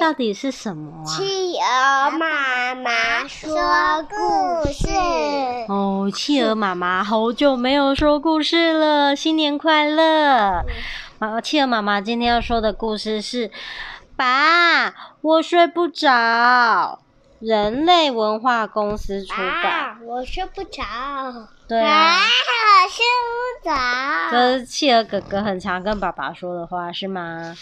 到底是什麼、啊、企鵝媽媽說故事。哦，企鵝媽媽好久沒有說故事了，新年快樂！啊是，企鵝媽媽今天要說的故事是：爸，我睡不着。人類文化公司出版。爸，我睡不着。對啊。爸，我睡不着。這是、啊、企鵝哥哥很常跟爸爸說的話，是嗎？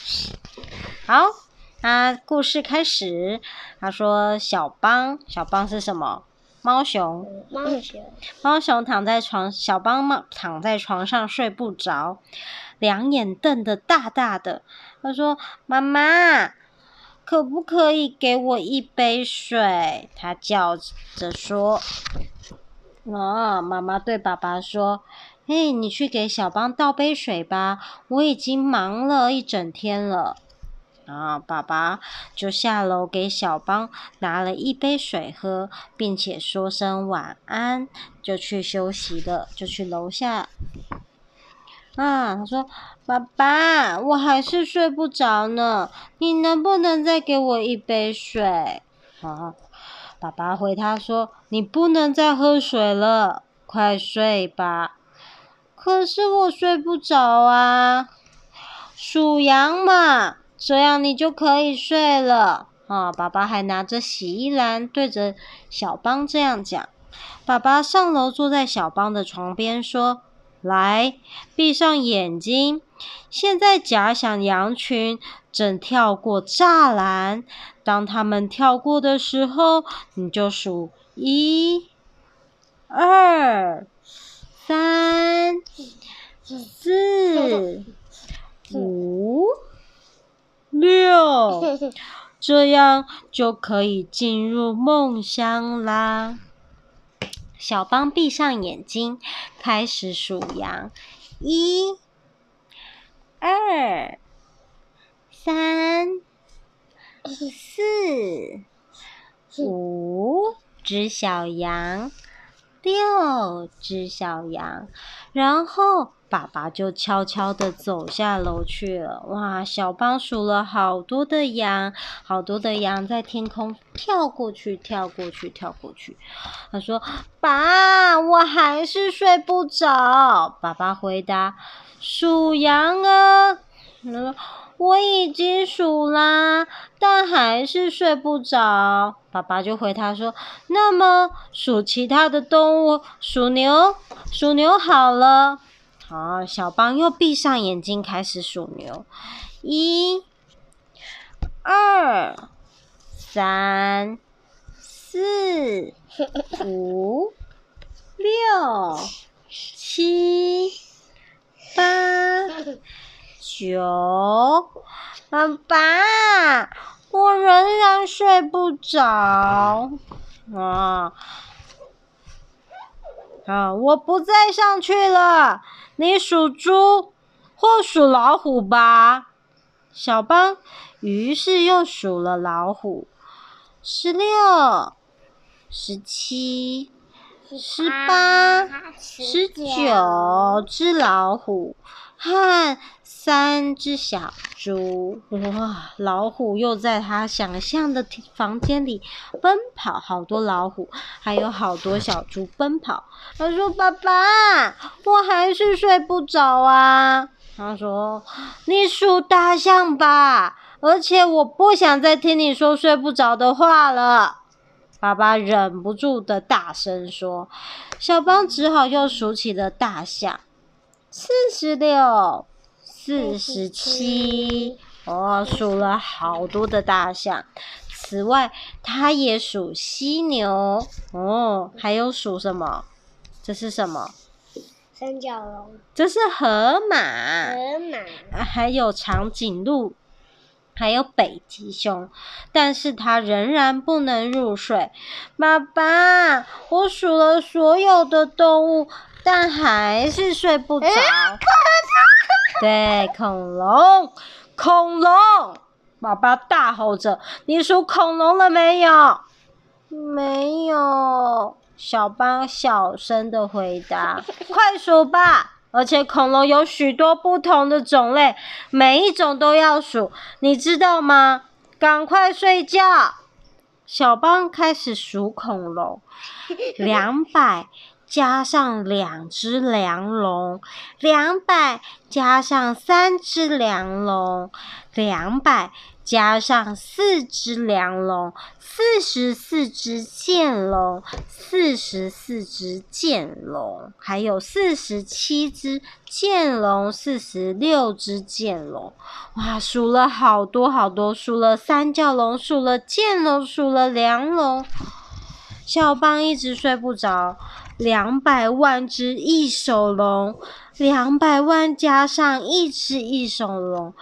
好。啊，故事開始。他說：“小邦，小邦是什麼？貓熊。貓熊。貓熊躺在床上，小邦貓躺在床上睡不着，兩眼瞪得大大的。他說：‘媽媽，可不可以給我一杯水？’他叫着說。喏、哦，媽媽對爸爸說：‘嘿，你去給小邦倒杯水吧。我已經忙了一整天了。’”啊！然後爸爸就下樓給小幫拿了一杯水喝，並且說聲晚安，就去休息了。就去樓下。啊，他說：“爸爸，我還是睡不着呢，你能不能再給我一杯水？”啊！爸爸回他說：“你不能再喝水了，快睡吧。”可是我睡不着啊，數羊嘛。這樣你就可以睡了啊、哦！爸爸還拿着洗衣籃，對着小邦這樣講。爸爸上樓，坐在小邦的床邊，說：“來，閉上眼睛。現在假想羊群正跳過柵欄，當他們跳過的時候，你就數一、二、三、四。”這樣就可以進入夢鄉啦。小邦閉上眼睛，開始數羊：一、二、三、四、五隻小羊，六隻小羊，然後。爸爸就悄悄地走下樓去了。哇，小幫數了好多的羊，好多的羊在天空跳過去，跳過去，跳過去。他說：“爸，我還是睡不着。”爸爸回答：“數羊啊。”“我已經數啦，但還是睡不着。”爸爸就回答說：“那麼數其他的動物，數牛，數牛好了。”好，小邦又閉上眼睛，開始數牛，一、二、三、四、五、六、七、八、九。爸爸，我仍然睡不着。啊啊！我不再上去了。你數豬、或數老虎吧，小班。於是又數了老虎，十六，十七、十八、十九、啊、隻老虎和三隻小豬，哇！老虎又在他想象的房間裡奔跑，好多老虎，還有好多小豬奔跑。他說：“爸爸，我還是睡不着啊。”他說：“你數大象吧，而且我不想再聽你說睡不着的話了。”爸爸忍不住的大聲說：“小邦只好又數起了大象，四十六、四十七，哦，數了好多的大象。此外，他也數犀牛，哦，還有數什麼？這是什麼？三角龍。這是河馬，河馬，還有長頸鹿。”還有北極熊，但是它仍然不能入睡。爸爸，我數了所有的動物，但還是睡不着。可可對，恐龍，恐龍！爸爸大吼着：“你數恐龍了沒有？”“沒有。”小邦小聲的回答。“ 快數吧。”而且恐龍有許多不同的種類，每一種都要數，你知道嗎？趕快睡覺。小邦開始數恐龍，兩百 加上兩只梁龍，兩百加上三只梁龍，兩百。加上四隻梁龍，四十四隻劍龍，四十四隻劍龍，還有四十七隻劍龍，四十六隻劍龍，哇，數了好多好多，數了三角龍，數了劍龍，數了，了梁龍，小幫一直睡不着。兩百萬隻翼手龍，兩百萬加上一隻翼手龍。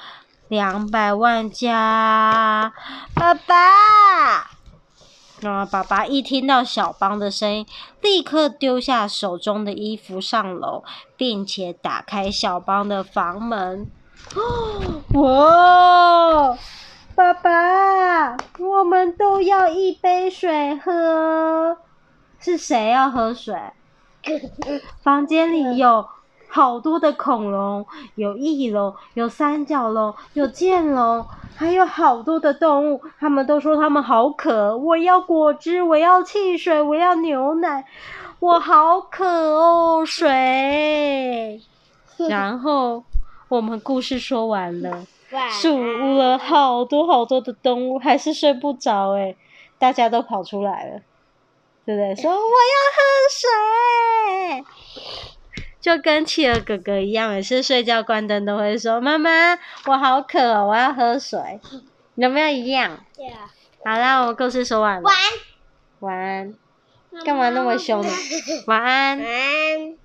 兩百萬加，爸爸！啊，爸爸一聽到小邦的聲音，立刻丟下手中的衣服上樓，并且打開小邦的房門。哇，爸爸，我們都要一杯水喝。是誰要喝水？ 房間裡有，好多的恐龍，有翼龍，有三角龍，有劍龍，還有好多的動物。他們都說他們好渴，我要果汁，我要汽水，我要牛奶，我好渴哦，水。 然後我們故事說完了，數安了好多好多的動物，還是睡不着哎，大家都跑出來了，對不對？說我要喝水。就跟企鵝哥哥一樣，每次睡覺關燈都會說：“媽媽，我好渴喔，我要喝水。”你有沒有一樣？Yeah. 好啦，我故事說完了。晚安。晚安。幹嘛那麼凶呢？媽媽，晚安。晚安。晚安。